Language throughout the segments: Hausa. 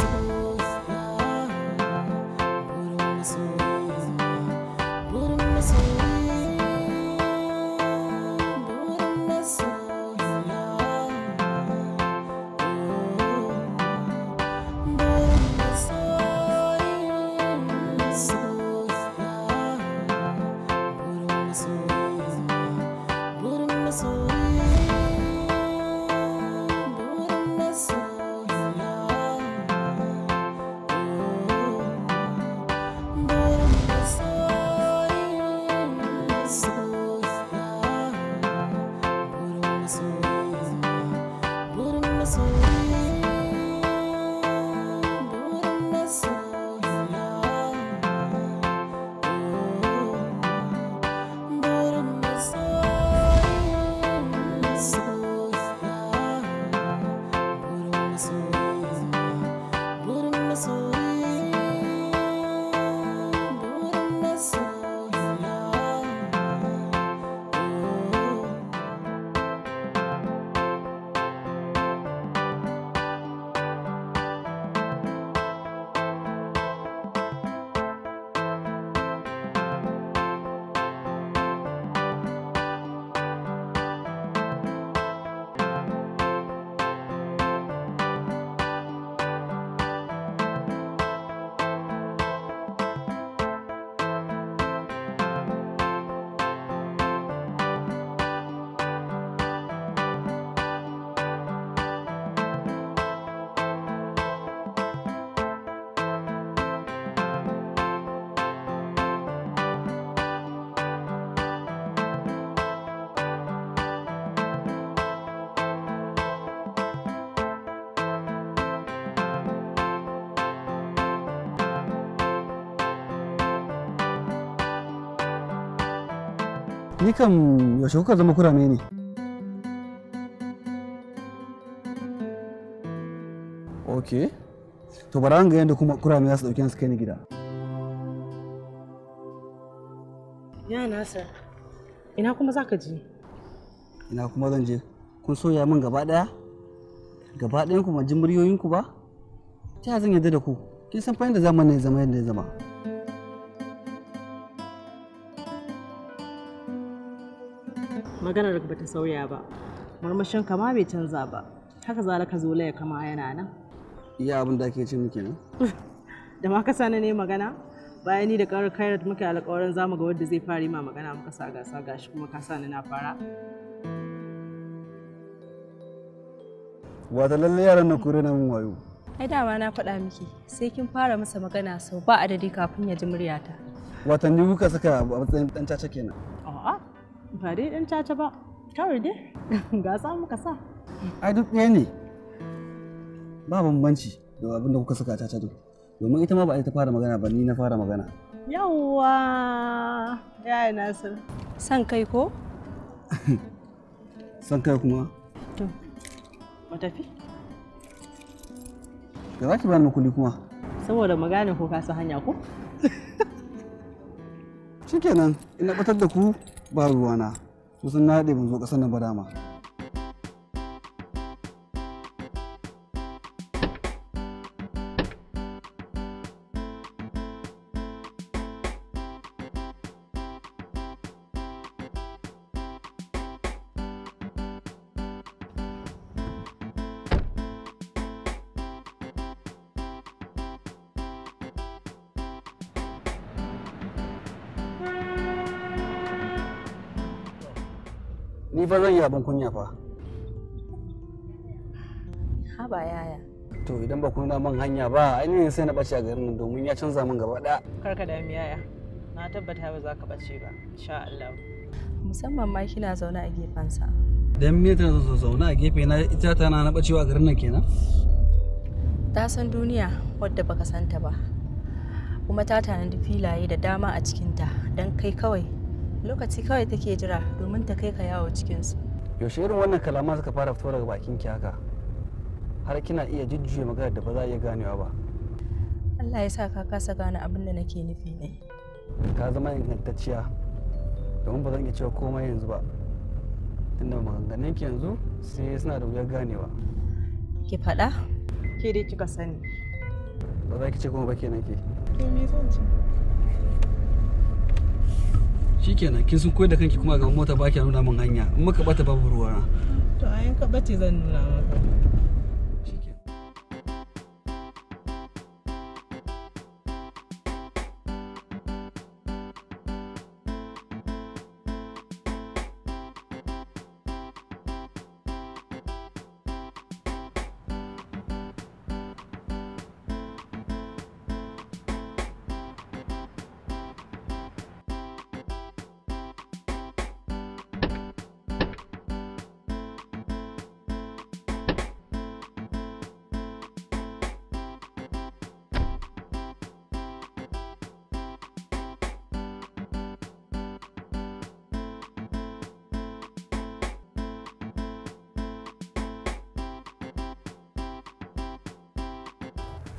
you. ni kam yaushe kuka zama kurame ne ok to bara ga yadda kuma kurame za su dauke su kai ni gida ya nasa ina kuma za ka je ina kuma zan je kun soya min gaba daya gaba ɗayan kuma ban muryoyinku ba ta zan yadda da ku kin san fa yadda zamanin zama yadda ya zama maganar ba ta sauya ba murmushin kama bai canza ba haka zalika zolaya kama yana nan iya abin da ke ce muke nan da ma kasa na ne magana bayan ni da karar kairat muke alƙawarin zamu ga wanda zai fara ma magana muka sa gasa gashi kuma ka sa na fara wata lalle yaran na kure na mun wayo ai dama na faɗa miki sai kin fara masa magana sau ba adadi kafin ya ji muryata watanni kuka saka a matsayin dan caca kenan ba dai ɗan caca ba kawai dai gasa muka sa ai duk ɗaya ne ba bambanci da abin da kuka saka caca duk domin ita ma ba ita fara magana ba ni na fara magana yawwa yaya nasir san kai ko san kai kuma to mu tafi da za ki bani kuli kuma saboda magana ko ka hanya ko shikenan ina batar da ku ba ruwana su sun na mun zo ƙasar nan ba dama ni fa zan yi abin kunya fa ba yaya to idan ba kun man hanya ba ainihin sai na ɓace a garin nan domin ya canza min gaba ɗaya karka da yaya na tabbata ba za ka ɓace ba insha Allah musamman ma kina zaune a gefensa dan me ta zo zaune a gefe na ita ta na ɓacewa a garin nan kenan ta san duniya wadda baka santa ba kuma ta tanadi filaye da dama a cikinta don kai kawai lokaci kawai take jira domin ta kai ka yawo cikinsu yaushe irin wannan kalama suka fara fito daga bakin ki haka har kina iya jujjuya magana da ba za a iya ganewa ba Allah ya sa ka kasa gane abin da nake nufi ne ka zama ingantacciya domin ba zan iya cewa komai yanzu ba tunda maganganun ki yanzu sai suna da wuyar ganewa ki faɗa ke dai kika sani ba za ki ce kuma ba kenan ke ke me zan ce shikenan kin sun koyar da kanki kuma ga mota ba ki nuna min hanya in muka bata babu ruwa to ayin ka bace zan nuna maka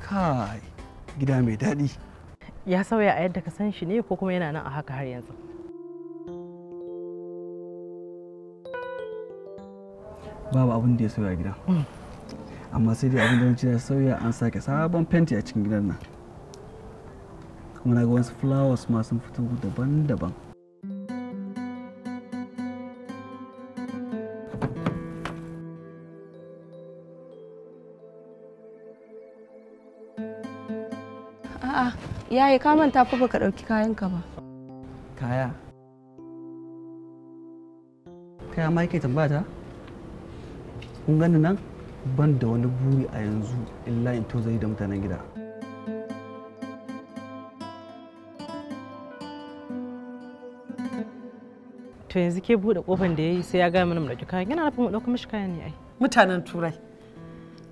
kai gida mai daɗi ya sauya a yadda ka san shi ne ko kuma yana nan a haka har yanzu babu abin da ya sauya gida mm. amma sai dai abin da ya sauya an sake sabon fenti a cikin gidan nan kuma na ga wasu flowers ma sun fito daban-daban Yayi ka manta fa baka ɗauki kayanka ba. Kaya? Kaya ma yake tambaya ta? Kun gani nan ban da wani buri a yanzu illa in to zai da mutanen gida. To yanzu ke buɗe kofan da ya yi sai ya gaya mana mu ɗauki kayan yana nufin mu ɗauki mishi kayan ne ai. Mutanen Turai.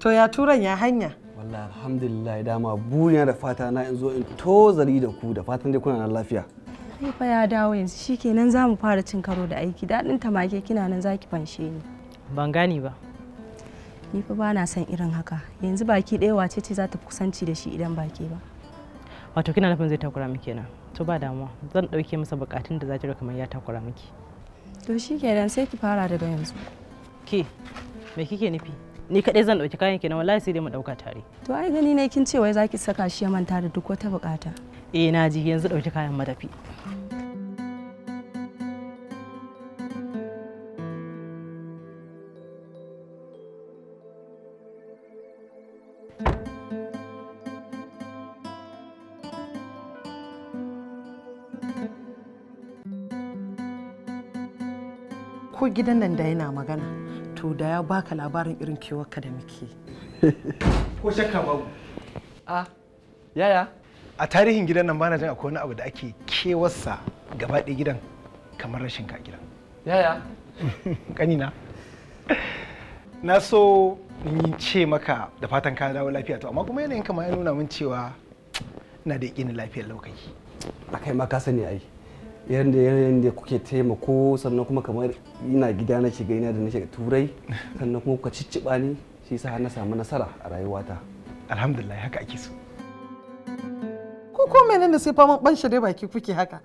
To ya Turan ya hanya. wallahi alhamdulillah dama buriya da fata na in zo in tozari da ku da fatan dai kuna nan lafiya ai fa ya dawo yanzu shikenan za mu fara cin karo da aiki daɗin tamake kina nan zaki fanshe ni ban gane ba ni fa ba na son irin haka yanzu baki ɗaya wace ce za ta kusanci da shi idan baki ba wato kina nufin zai takura miki kenan to ba damuwa zan ɗauke masa bukatun da za ki kamar ya takura miki to shikenan sai ki fara daga yanzu ke me kike nufi ni kaɗai zan ɗauki kayan kenan wallahi sai dai mu ɗauka tare. To ai gani ne kin ce wai zaki saka shi ya manta da duk wata buƙata. Eh na ji yanzu ɗauki kayan madafi. ko gidan nan da yana magana to da ya baka labarin irin kewarka da muke ko shakka babu ah. a yaya a tarihin gidan nan bana jin akwai wani abu da ake kewarsa gaba ɗaya gidan kamar rashin ka gidan yaya kanina na so in ce maka da fatan ka dawo lafiya to amma kuma yanayin kama ya nuna min cewa na da yaƙinin lafiyar lokaci akai ma ka sani ai yadda yanayin da kuke taimako sannan kuma kamar ina gida na shiga ina da na shiga turai sannan kuma kuka cicciɓa ni shi sa na samu nasara a rayuwata alhamdulillah haka ake so ko ko menene sai faman ban dai baki kuke haka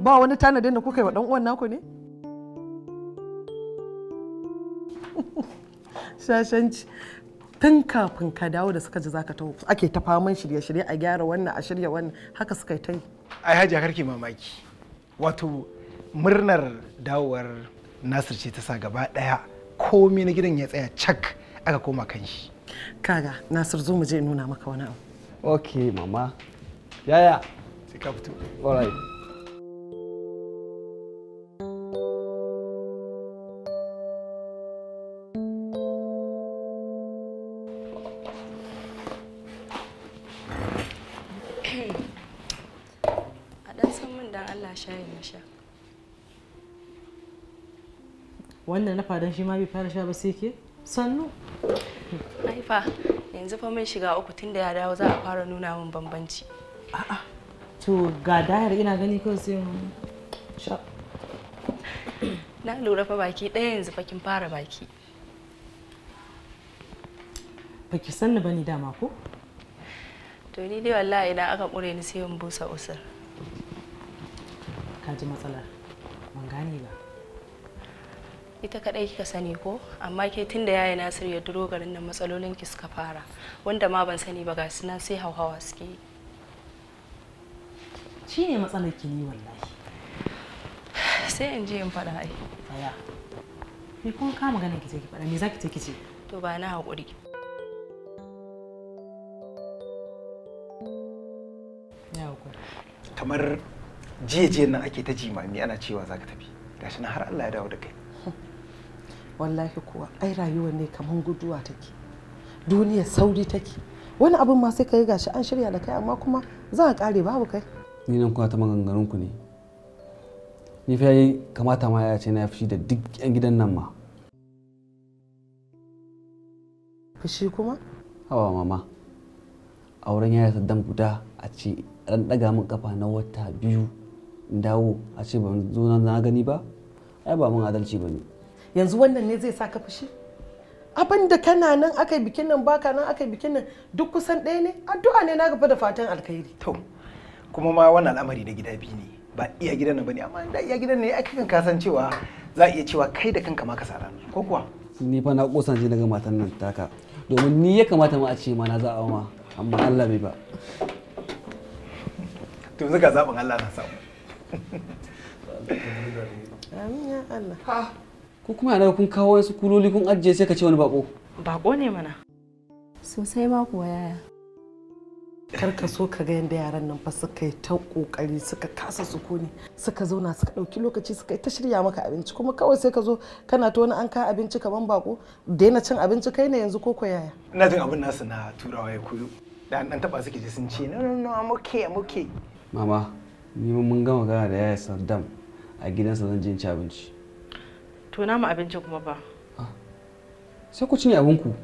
ba wani tanadin da kuka yi wa dan uwan naku ne shashanci tun kafin ka dawo da suka ji zaka taho ake ta faman shirye-shirye a gyara wannan a shirya wannan haka suka yi ta yi ai haji karki mamaki wato murnar dawowar nasir ce ta sa gaba daya komai na gidan ya tsaya cak aka koma kan shi kaga nasir zo mu je nuna maka wani abu okay mama yaya sai ka fito alright shayin na sha wannan na fadan shi ma bai fara sha ba sai ke sannu Aifa yanzu fa mun shiga uku tunda ya dawo za a fara nuna min bambanci a'a to ga dahar ina gani kawai sai mun sha na lura fa baki ɗaya yanzu fa kin fara baki baki ba bani dama ko to ni dai wallahi idan aka ƙure ni sai in busa usur ji matsalar ban gane ba ita kadai kika sani ko amma ke tun da yaya nasir ya duro garin nan matsalolin ki suka fara wanda ma ban sani ba ga sunan sai hauhawa suke yi shi ne matsalar ki ne wallahi sai in je in faɗa ai tsaya me kun ka magana ki ce ki faɗa me zaki ce ki ce to ba na hakuri ya haƙuri kamar jiya nan ake ta jimami ana cewa za ka tafi gashi na har Allah ya dawo da kai wallahi kuwa ai rayuwa ne kaman guduwa take duniya sauri take wani abin ma sai kai gashi an shirya da kai amma kuma za a kare babu kai ni nan kuna ta maganganun ku ne ni fa kamata ma ya ce na fushi da duk yan gidan nan ma fushi kuma hawa mama auren yaya dan guda a ce ɗan ɗaga mun kafa na wata biyu dawo a ce ban zo na gani ba ai ba mun adalci ba ne yanzu wannan ne zai sa ka fushi abin da kana nan aka yi bikin nan baka nan aka yi bikin nan duk kusan ɗaya ne addu'a ne na gaba da fatan alkhairi to kuma ma wannan al'amari na gida biyu ne ba iya gidan nan bane amma da iya gidan ne ake kan kasan cewa za iya cewa kai da kanka ma ka sa ranar ko kuwa ni fa na kusance daga matan nan taka domin ni ya kamata ma a ce ma na za a ma amma Allah bai ba to yanzu ga Allah na samu Amin Allah. Ha. Ko kuma yana kun kawo wasu kuloli kun ajiye sai ka ce wani bako. Bako ne mana. Sosai ma kuwa yaya. Kar ka so ka ga yadda yaran nan fa suka yi ta kokari suka kasa sukuni suka zauna suka dauki lokaci suka yi ta shirya maka abinci kuma kawai sai ka zo kana ta wani an ka abinci kaman bako daina cin abinci kai ne yanzu koko yaya. Ina jin abin nasu na turawa ya koyo. Da an taba suke je sun ce no no no muke muke. Mama ni mun gama gana da yaya saddam a gidansa zan je ci abinci to mu abinci kuma ba ah, sai ku cinye abinku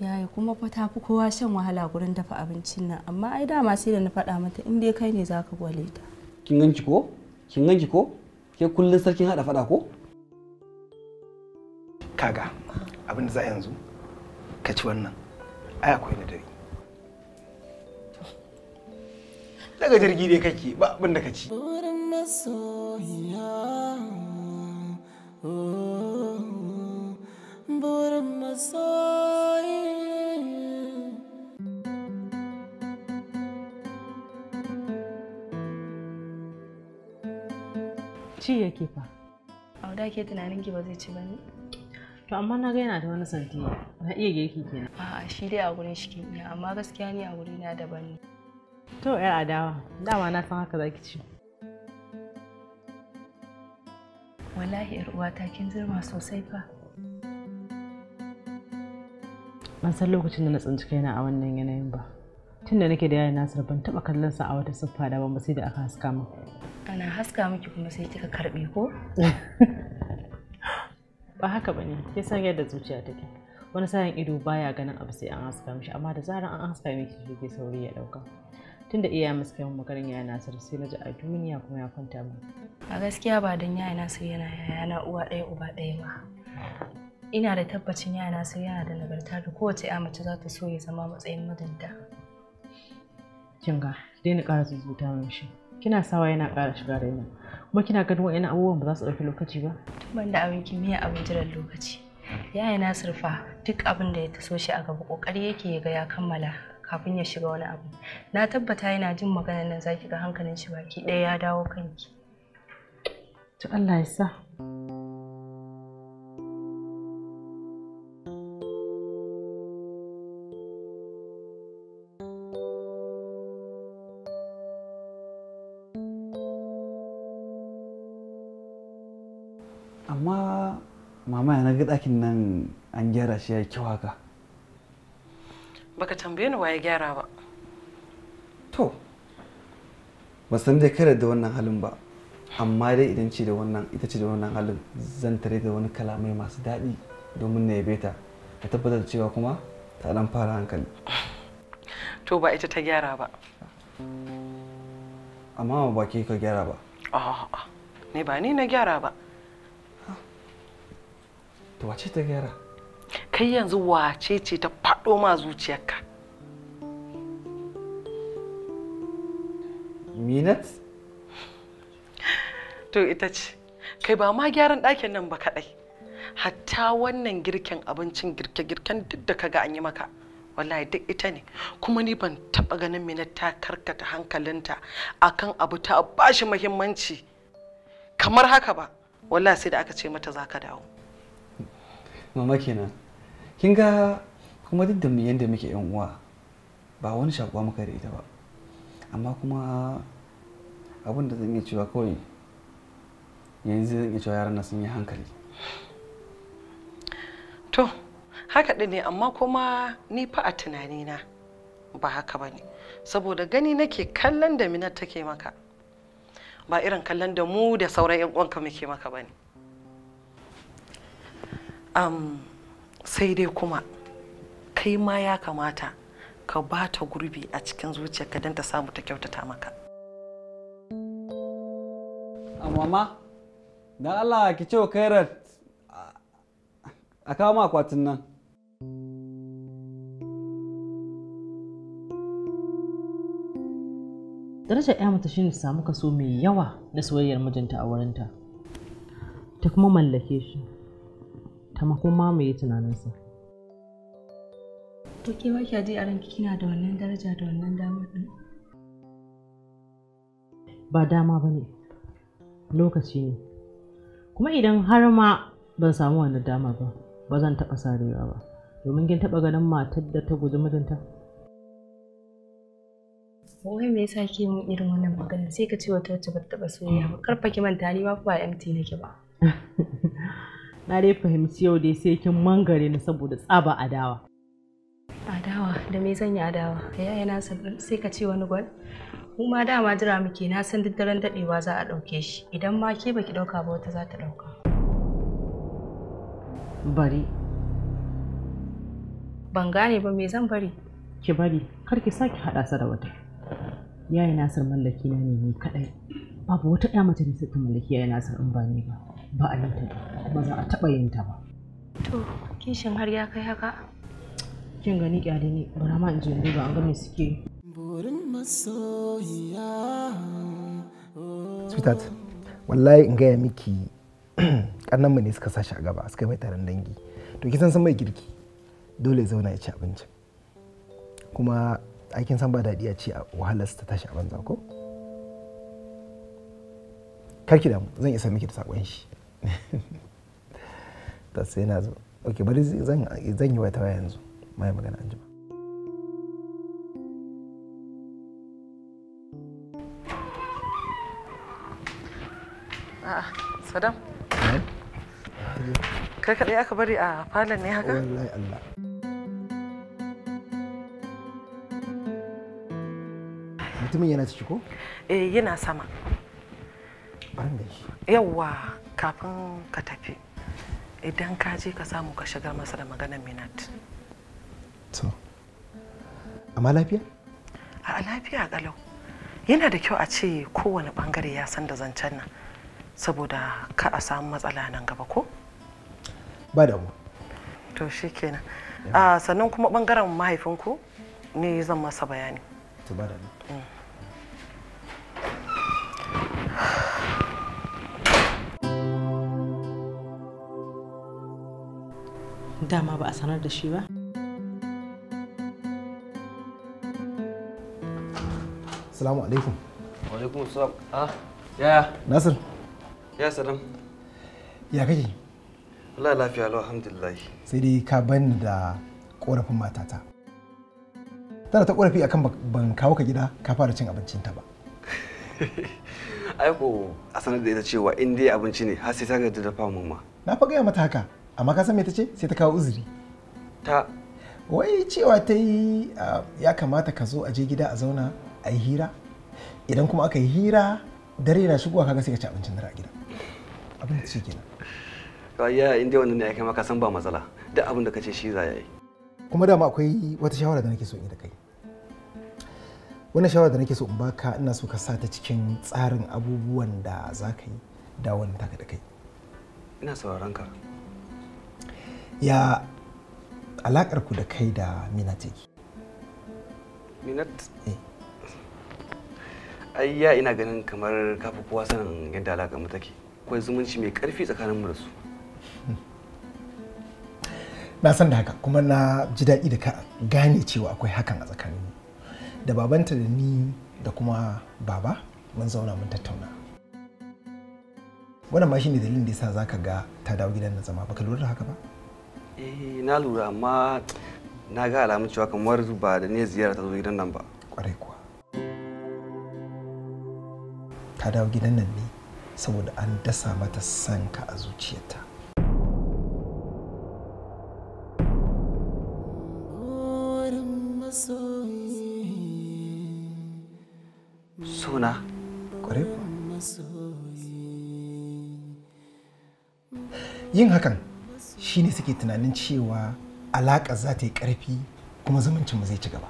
yaya kuma fa ta fi kowa shan wahala gurin dafa abincin nan amma ai dama sai da na faɗa mata in dai kai ne zaka gwale ta kin ganki ko kin ganki ko ke kullun sarkin hada faɗa ko kaga abin da za yanzu ka ci wannan ai akwai na dare daga jirgi dai kake ba abin da ka ci ci yake fa auda ke tunanin ki ba zai ci bane to amma na ga yana da wani santi na iya girki kenan a'a shi dai a gurin shi ke amma gaskiya ni a guri na daban ne To, 'ya adawa, dama na san haka zaki ci. Wallahi, ‘yar uwata kin zirma sosai fa. Ban san lokacin da na tsinci kaina a wannan yanayin ba. Tun da nake da yayin Nasir ban taɓa kallon sa a wata siffa da ban sai da aka haska min. Ana haska miki kuma sai kika karɓe ko? Ba haka bane, ke san yadda zuciya take. Wani sa'in ido baya ganin abu sai an haska mishi, amma da zarar an haska miki ke sauri ya ɗauka. Tun da iya muskin magarin yaya Nasir sai na ji a duniya kuma ya kwanta mu. A gaskiya ba don yaya Nasir yana yaya na uwa ɗaya uba ɗaya ba. Ina da tabbacin yaya Nasir yana da nagarta da kowace ya mace za ta so ya zama matsayin madanta Kinga, dai ni ƙara zuzuta mun shi. Kina sawa yana ƙara shiga raina. Kuma kina ganin wa'ina abubuwan ba za su ɗauki lokaci ba? Tun Ban da abin kimiyya abin jiran lokaci. Yaya Nasir fa duk abin da ya taso shi a gaba ƙoƙari yake ya ga ya kammala. kafin ya shiga wani abu na tabbata yana jin maganar nan zaki ga hankalin shi baki ɗaya ya dawo kanki to Allah ya sa amma mama na ga ɗakin nan an gyara shi ya kyau haka baka tambaye ni waye gyara ba to ba san dai kare da wannan halin ba amma dai idan ce da wannan ita ce da wannan halin zan tare da wani kalamai masu daɗi domin na yabe ta ka tabbatar cewa kuma ta dan fara hankali to ba ita ta gyara ba amma ba ke ka gyara ba ne ba ni na gyara ba to wace ta gyara kai yanzu wace ce ta faɗo ma zuciyarka minat to ita ce kai ba ma gyaran ɗakin nan ba kaɗai hatta wannan girken abincin girke-girken duk da kaga an yi maka wallahi duk ita ne kuma ni ban taɓa ganin minat ta karkata hankalinta akan abu ta bashi muhimmanci kamar haka ba wallahi sai da aka ce mata za ka dawo mama kenan kin ga kuma duk da yadda muke yan uwa ba wani shakuwa muka da ita ba amma kuma abin da zan iya cewa kawai yanzu zan iya cewa yaran na sun yi hankali to haka ɗin ne amma kuma ni fa a tunanina ba haka ba ne saboda gani nake kallon da minar take maka ba irin kallon da mu da sauran 'yan uwanka muke maka ba ne sai dai kuma kai ma ya kamata ka ba ta gurbi a cikin ka don ta samu ta kyautata maka amma ma don allah ki ce wa a kawo ma akwatin nan darajar ya mata ne samu kaso mai yawa na soyayyar mijinta a wurinta ta kuma mallake shi ta makon mamaye tunaninsa to ke ba ji a ranki kina da wannan daraja da wannan damar din ba dama ba ne lokaci ne kuma idan har ma ban samu wannan dama ba ba zan taɓa sarewa ba domin kin taɓa ganin matar da ta guji mijinta wai me yasa ke mun irin wannan magana sai ka ce wata wacce ba ta taɓa soyayya ba karfa ki manta ni ma ba MT nake ba na dai fahimci yau dai sai kin mangare ni saboda tsaba adawa adawa da me zan yi adawa yaya na sai ka ce wani gwal mu ma dama jira muke na san duk dadewa za a dauke shi idan ma ke baki dauka ba wata za ta dauka bari ban gane ba me zan bari ki bari kar ki sake hada sa da wata yayi nasir mallaki na ne ni kadai babu wata ya mace da ta ta mallaki yana san in ba ni ba ba a yin ta ba kuma za a taɓa yin ta ba to kishin har ya kai haka kin gani kyale ne bara ma in je in duba an ga me suke burin masoyiya sweetheart wallahi in gaya miki kannan mu ne suka sashi a gaba suka mai taron dangi to ki san mai girki dole zauna ya ci abinci kuma aikin san ba daɗi a ce wahalar ta tashi a banza ko karki damu zan isa miki da sakon shi ta sai na zo ok bari zan yi wata waya yanzu mai magana an jima sadam eh? kai kaɗai aka bari a falon ne haka? wallahi Allah mutumin yana ciki ko? eh yana sama yawwa kafin ka tafi idan ka je ka samu ka shigar masa da maganar minat to amma lafiya a lafiya galau yana da kyau a ce kowane bangare ya san da zancen nan saboda ka a samu matsala nan gaba ko ba da mu to shi kenan sannan kuma bangaren mahaifinku ne zan masa bayani to ba da mu mm. dama ba a sanar da shi ba salamu alaikum alaikum salam ah yaya nasir ya salam ya kake Allah lafiya lau alhamdulillah sai dai ka bani da korafin matata tana ta korafi akan ban kawo ka gida ka fara cin abincin ta ba ai ko a sanar da ita cewa in dai abinci ne har sai ta ga da mun ma na fa gaya mata haka amma ka san me ta ce sai ta kawo uzuri ta wai cewa ta yi ya kamata ka zo a je gida a zauna a yi hira idan kuma aka yi hira dare na shigowa kaga sai ka ci abincin dare a gida abin da ce kenan ya inda wannan ne ya kai maka san ba matsala duk abin da kace shi za ya yi kuma dama akwai wata shawara da nake so in yi da kai wannan shawara da nake so in baka ina so ka sa ta cikin tsarin abubuwan da za ka yi da wannan taka da kai ina sauraron ka ya alakar da kai da minat yake minat eh ai ya ina ganin kamar kafa kowa sanin yadda alakar mu take akwai zumunci mai karfi tsakanin da su hmm. na san da haka kuma na ji daɗi da ka gane cewa akwai hakan a mu da babanta da ni da kuma baba mun zauna mun tattauna wannan ma shine dalilin da yasa zaka ga ta dawo gidan na zama baka lura da haka ba eh na lura amma na ga alamun cewa kamar ba da ne ziyara ta zo gidan nan ba kwarai kuwa ka dawo gidan nan ne saboda an dasa mata sanka a zuciyarta suna kwarai kuwa yin hakan shine suke tunanin cewa alaƙa za ta yi ƙarfi kuma zumuncinmu zai ci gaba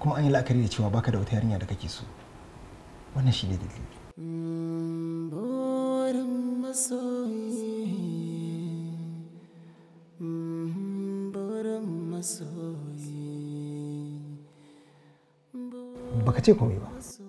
kuma an yi la'akari da cewa baka da wata yarinya da kake so wannan shine dalili mm-hmm, baka ce komai ba